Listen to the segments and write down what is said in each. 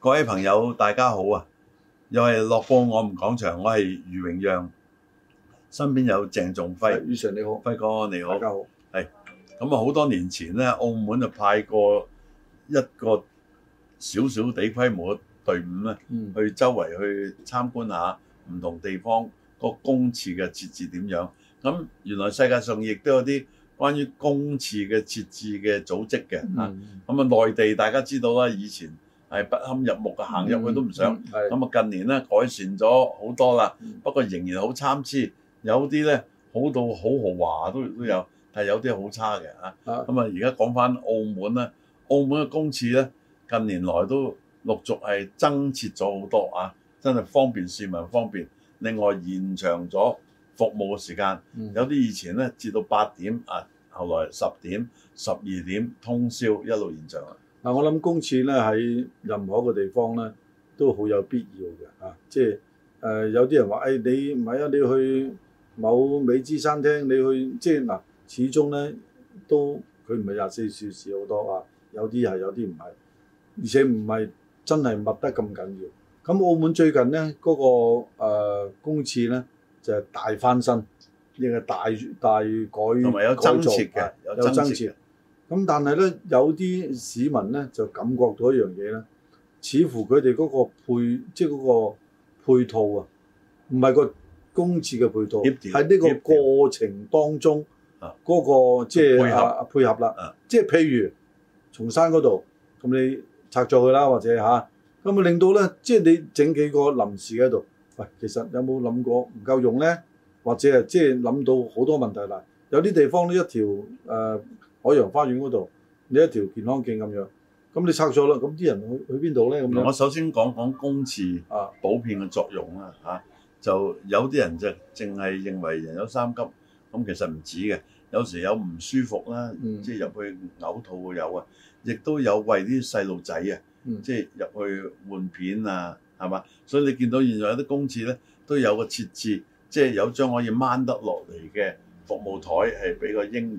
各位朋友，大家好啊！又係樂報我哋講場，我係余永陽，身邊有鄭仲輝。余常你好，輝哥你好，大家好。係咁啊！好多年前呢，澳門就派過一個小小啲規模隊伍呢，嗯、去周圍去參觀下唔同地方個公廁嘅設置點樣。咁原來世界上亦都有啲。關於公廁嘅設置嘅組織嘅嚇，咁、嗯、啊內地大家知道啦，以前係不堪入目嘅，行入去都唔想。咁啊、嗯、近年咧改善咗好多啦，嗯、不過仍然好參差，有啲咧好到好豪華都都有，係有啲好差嘅啊。咁啊而家講返澳門咧，澳門嘅公廁咧近年來都陸續係增設咗好多啊，真係方便市民方便。另外延長咗。服務嘅時間，有啲以前呢，至到八點啊，後來十點、十二點通宵一路延長嗱，我諗公廁呢，喺任何一個地方呢，都好有必要嘅嚇、啊，即係、呃、有啲人話誒、哎、你唔係啊，你去某美資餐廳，你去即係嗱、啊，始終呢都佢唔係廿四小時好多啊，有啲係有啲唔係，而且唔係真係密得咁緊要。咁澳門最近呢，嗰、嗰個、呃、公廁呢。就係大翻身，亦係大大改、增設嘅造、啊，有增設。咁、嗯、但係咧，有啲市民咧就感覺到一樣嘢咧，似乎佢哋嗰個配，即係嗰個配套啊，唔係個公廁嘅配套，喺呢調個過程當中，嗰、啊那個即係、就是啊、配合配合啦。即係、啊、譬如松山嗰度，咁你拆咗佢啦，或者嚇，咁、啊、咪令到咧，即、就、係、是、你整幾個臨時喺度。喂，其實有冇諗過唔夠用咧？或者係即係諗到好多問題啦。有啲地方呢，一條誒、呃、海洋花園嗰度，你一條健康徑咁樣，咁你拆咗啦，咁啲人去去邊度咧？咁樣我首先講講公廁啊，補片嘅作用啦嚇、啊，就有啲人就淨係認為人有三急，咁其實唔止嘅，有時有唔舒服啦，嗯、即係入去嘔吐會有啊，亦都有為啲細路仔啊，嗯、即係入去換片啊。係嘛？所以你見到現在有啲公廁咧，都有個設置，即係有張可以掹得落嚟嘅服務台，係俾個嬰兒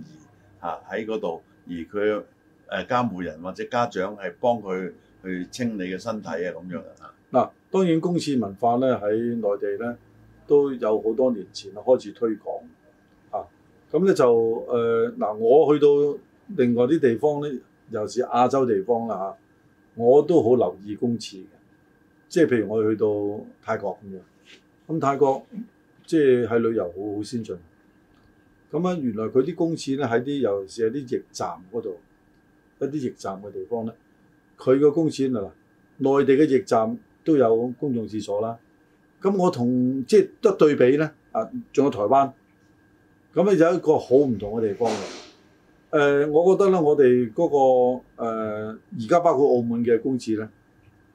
嚇喺嗰度，而佢誒監護人或者家長係幫佢去清理嘅身體啊咁樣啊。嗱，當然公廁文化咧喺內地咧都有好多年前開始推廣嚇。咁、啊、咧就誒嗱、呃，我去到另外啲地方咧，又是亞洲地方啦嚇、啊，我都好留意公廁嘅。即係譬如我哋去到泰國咁樣，咁泰國即係喺旅遊好好先進。咁咧原來佢啲公廁咧喺啲尤其是有啲驛站嗰度，一啲驛站嘅地方咧，佢個公廁嗱，內地嘅驛站都有公眾廁所啦。咁我同即係得對比咧，啊仲有台灣，咁咧有一個好唔同嘅地方嘅。誒、呃，我覺得咧，我哋嗰、那個而家、呃、包括澳門嘅公廁咧。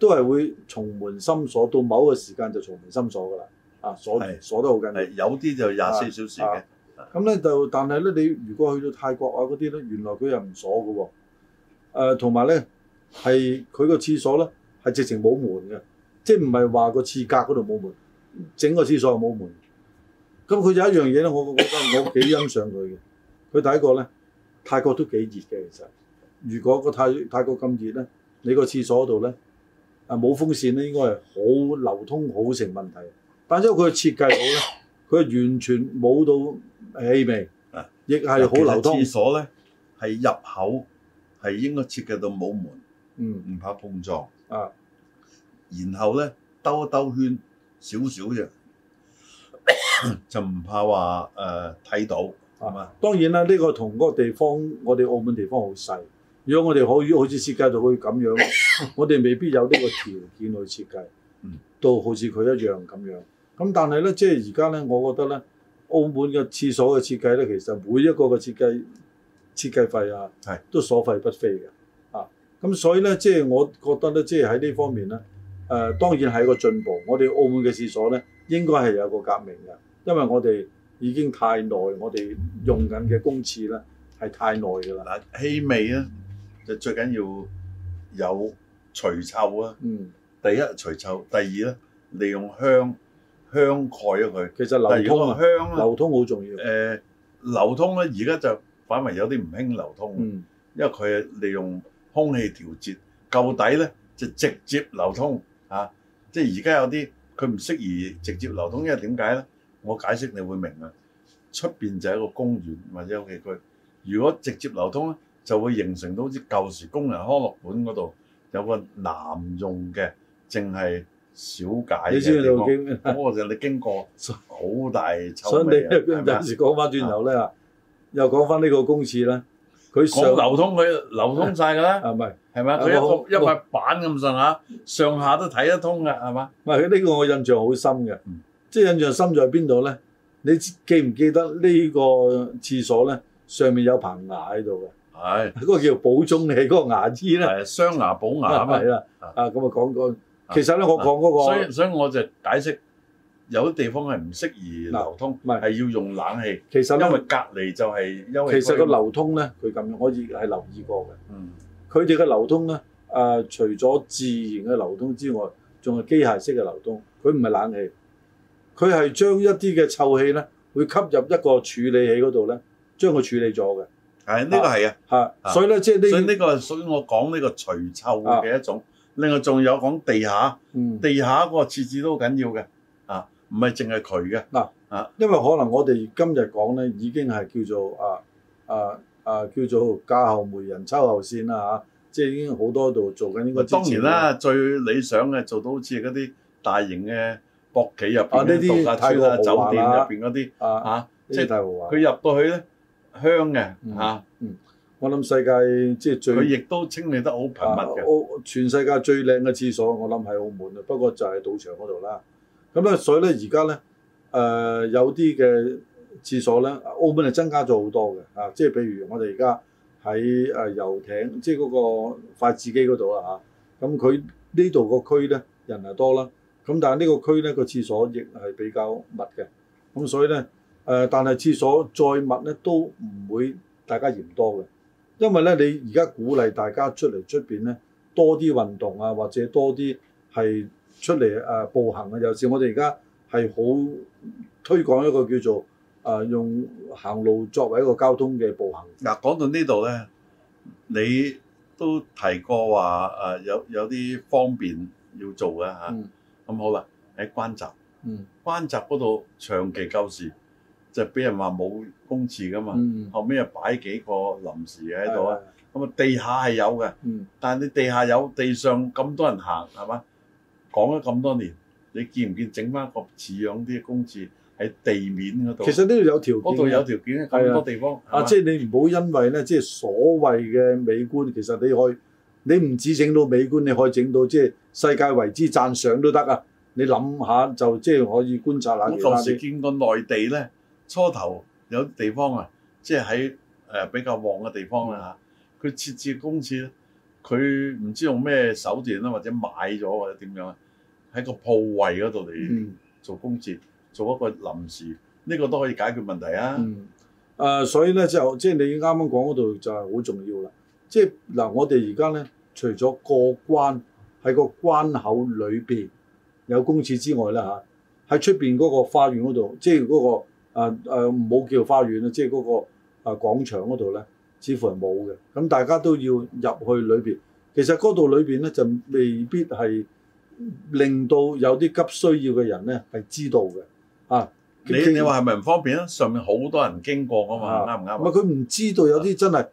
都係會從門深鎖到某個時間就從門深鎖㗎啦，啊鎖住是鎖得好緊要，有啲就廿四小時嘅。咁咧、啊啊、就但係咧，你如果去到泰國啊嗰啲咧，原來佢又唔鎖㗎喎、哦。同埋咧係佢個廁所咧係直情冇門嘅，即係唔係話個廁格嗰度冇門，整個廁所又冇門。咁佢有一樣嘢咧，我覺得我幾欣賞佢嘅。佢第一個咧，泰國都幾熱嘅其實。如果個泰泰國咁熱咧，你個廁所度咧？啊冇風扇咧，應該係好流通，好成問題。但因為佢嘅設計好咧，佢完全冇到氣味，亦係好流通。其實廁所咧係入口係應該設計到冇門，嗯，唔怕碰撞啊。然後咧兜一兜圈少少啫，就唔怕話誒睇到係嘛。當然啦，呢個同個地方，我哋澳門地方好細。如果我哋可以好似設計到可以咁樣。我哋未必有呢個條件去設計，都好似佢一樣咁樣。咁但係呢，即係而家呢，我覺得呢，澳門嘅廁所嘅設計呢，其實每一個嘅設計設計費啊，係是都所費不菲嘅。啊，咁所以呢，即係我覺得呢，即係喺呢方面呢，誒、呃、當然係一個進步。我哋澳門嘅廁所呢，應該係有個革命嘅，因為我哋已經太耐，我哋用緊嘅公廁呢係太耐㗎啦。氣味呢，就最緊要有。除臭啊！第一除臭，第二咧，利用香香蓋咗佢。其實流通，香流通好重要。誒、呃、流通咧，而家就反為有啲唔興流通，嗯、因為佢係利用空氣調節。舊底咧就直接流通啊！即係而家有啲佢唔適宜直接流通，因為點解咧？我解釋你會明啊！出邊就係一個公園或者屋企區，如果直接流通咧，就會形成到好似舊時工人康樂館嗰度。有個男用嘅，淨係小解嘅地方。咁我就你經過好大臭味啊！所以你有陣時講翻轉頭咧，又講翻呢個公廁咧，佢上流通佢流通曬㗎啦。啊，係咪，係嘛？佢一個一塊板咁上下，上下都睇得通嘅，係嘛？唔係，呢個我印象好深嘅，即係印象深在邊度咧？你記唔記得呢個廁所咧？上面有棚牙喺度嘅。係，嗰、哎、個叫補中氣嗰、那個呢牙醫、啊、啦，係雙牙補牙係啦，啊咁啊講、那個，其實咧我講嗰個，所以所以我就解釋有啲地方係唔適宜流通，係、啊、要用冷氣，其實呢因為隔離就係、是、因為，其實個流通咧佢咁樣，我亦係留意過嘅，嗯，佢哋嘅流通咧，啊除咗自然嘅流通之外，仲係機械式嘅流通，佢唔係冷氣，佢係將一啲嘅臭氣咧，會吸入一個處理器嗰度咧，將佢處理咗嘅。係，呢個係啊，係，所以咧，即係呢，所以呢個屬於我講呢個除臭嘅一種。另外仲有講地下，地下個設置都好緊要嘅。啊，唔係淨係佢嘅嗱，啊，因為可能我哋今日講咧，已經係叫做啊啊啊叫做家後媒人抽後線啦嚇，即係已經好多度做緊呢個。當然啦，最理想嘅做到好似嗰啲大型嘅博企入邊，度假村酒店入邊嗰啲啊，即係大豪華。佢入到去咧。香嘅嚇，嗯，嗯嗯我諗世界即係最佢亦都清理得好頻密嘅、啊，全世界最靚嘅廁所，我諗係澳門啦。不過就係賭場嗰度啦。咁、嗯、咧，所以咧而家咧，誒、呃、有啲嘅廁所咧，澳門係增加咗好多嘅。啊，即係譬如我哋而家喺誒遊艇，即係嗰個快子機嗰度啦嚇。咁、啊、佢、嗯、呢度、啊、個區咧人係多啦。咁但係呢個區咧個廁所亦係比較密嘅。咁、啊啊、所以咧。誒、呃，但係廁所再密咧，都唔會大家嫌多嘅，因為咧，你而家鼓勵大家出嚟出邊咧多啲運動啊，或者多啲係出嚟誒、呃、步行啊，尤其是我哋而家係好推廣一個叫做誒、呃、用行路作為一個交通嘅步行。嗱、啊，講到呢度咧，你都提過話誒、呃、有有啲方便要做嘅嚇，咁、啊嗯、好啦喺關閘，關閘嗰度長期鳩事。嗯就俾人話冇公廁噶嘛，嗯、後尾又擺幾個臨時嘅喺度啊，咁啊的地下係有嘅，嗯、但係你地下有地上咁多人行係嘛？講咗咁多年，你見唔見整翻一個似樣啲公廁喺地面嗰度？其實呢度有條件，嗰度有條件啊，咁的多地方啊，即係你唔好因為咧，即係所謂嘅美觀，其實你可以你唔止整到美觀，你可以整到即係世界為之讚賞都得啊！你諗下就即係可以觀察下。我舊時見過內地咧。初頭有啲地方啊，即係喺誒比較旺嘅地方啦嚇，佢、嗯、設置公廁咧，佢唔知用咩手段啦，或者買咗或者點樣啊，喺個鋪位嗰度嚟做公廁，嗯、做一個臨時，呢、呢個都可以解決問題啊。誒、嗯呃，所以咧就即係、就係、你啱啱講嗰度就係好重要啦。即係嗱，我哋而家咧除咗過關喺個關口裏邊有公廁之外啦嚇，喺出邊嗰個花園嗰度即係嗰個。啊誒，冇、啊、叫花園啦，即係嗰、嗰個啊廣場嗰度咧，似乎係冇嘅。咁大家都要入去裏邊，其實嗰度裏邊咧就未必係令到有啲急需要嘅人咧係知道嘅。啊，你過你話係咪唔方便啊？上面好多人經過啊嘛，啱唔啱？唔係佢唔知道有啲真係，啊、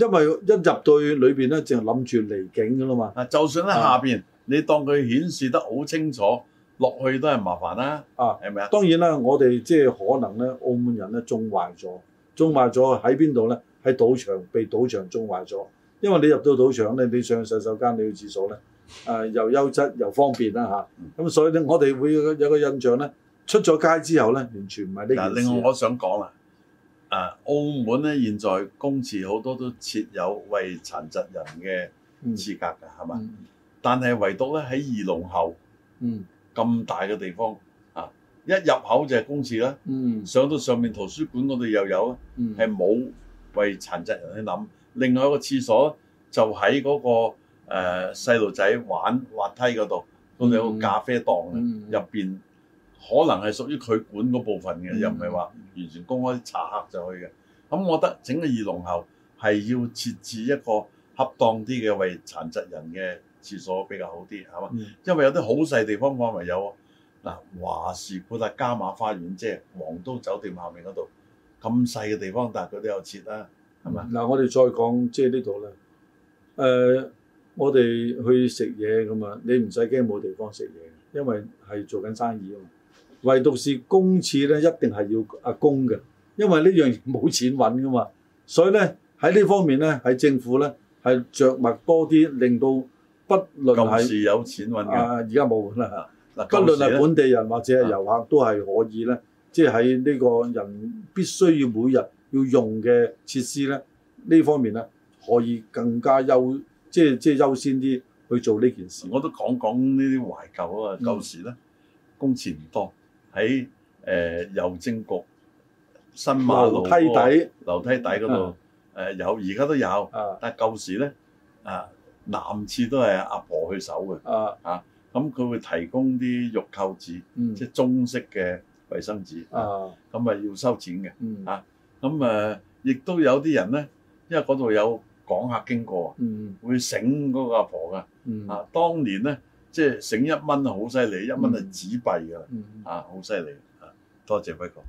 因為一入到去裏邊咧，淨係諗住嚟景噶啦嘛。啊，就算喺下邊，你當佢顯示得好清楚。落去都係麻煩啦，啊，係咪啊？當然啦，我哋即係可能咧，澳門人咧縱壞咗，縱壞咗喺邊度咧？喺賭場被賭場縱壞咗，因為你入到賭場咧，你上洗手間，你去廁所咧，誒、呃、又優質又方便啦吓，咁、啊嗯嗯、所以咧，我哋會有個印象咧，出咗街之後咧，完全唔係呢件事。另外，我想講啦，誒、啊、澳門咧，現在公廁好多都設有為殘疾人嘅廁格㗎，係嘛、嗯？嗯、但係唯獨咧喺二龍喉，嗯。咁大嘅地方啊，一入口就係公廁啦，嗯、上到上面圖書館嗰度又有啦，係冇、嗯、為殘疾人去諗。另外一個廁所就喺嗰、嗰個誒、呃、細路仔玩滑梯嗰度，嗰度有個咖啡檔入邊、嗯嗯嗯、可能係屬於佢管嗰部分嘅，嗯、又唔係話完全公開查客就去嘅。咁我覺得整個二龍喉係要設置一個恰當啲嘅為殘疾人嘅廁所比較好啲，係嘛？因為有啲好細地方，我認為有嗱、啊，華士古達嘉馬花園即係皇都酒店下面嗰度咁細嘅地方，但係佢都有設啦，係嘛？嗱、嗯就是呃，我哋再講即係呢度啦。誒，我哋去食嘢咁嘛。你唔使驚冇地方食嘢，因為係做緊生意啊嘛。唯獨是公廁咧，一定係要阿公嘅，因為呢樣冇錢揾噶嘛。所以咧喺呢方面咧，喺政府咧係着墨多啲，令到。不論舊時有錢運嘅啊，而家冇啦嚇。啊、不論係本地人或者係遊客、啊、都係可以咧，即係喺呢個人必須要每日要用嘅設施咧，呢方面咧可以更加優，即係即係優先啲去做呢件事。我都講講呢啲懷舊啊，舊時咧工錢唔多，喺誒郵政局新馬路、那個、梯底、啊、樓梯底嗰度誒有，而、呃、家都有，但係舊時咧啊。男廁都係阿婆，婆去守嘅啊嚇，咁佢、啊、會提供啲玉扣紙，嗯、即係中式嘅衛生紙啊，咁咪、啊、要收錢嘅、嗯、啊，咁誒亦都有啲人咧，因為嗰度有港客經過啊，嗯、會醒嗰個阿婆噶、嗯、啊，當年咧即係醒一蚊好犀利，一蚊係紙幣㗎，嗯、啊好犀利啊，多謝輝哥。